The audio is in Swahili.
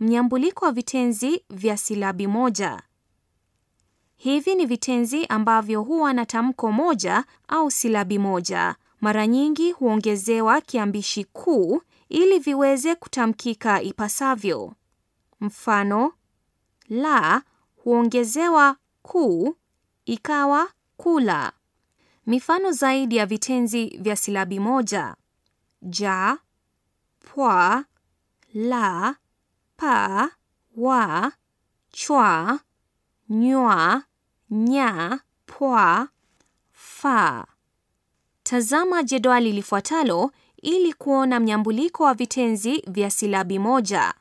Mnyambuliko wa vitenzi vya silabi moja. Hivi ni vitenzi ambavyo huwa na tamko moja au silabi moja. Mara nyingi huongezewa kiambishi kuu ili viweze kutamkika ipasavyo. Mfano, la huongezewa ku ikawa kula. Mifano zaidi ya vitenzi vya silabi moja: ja, pwa, la pa, wa, chwa, nywa, nya, pwa, fa. Tazama jedwali lifuatalo ili kuona mnyambuliko wa vitenzi vya silabi moja.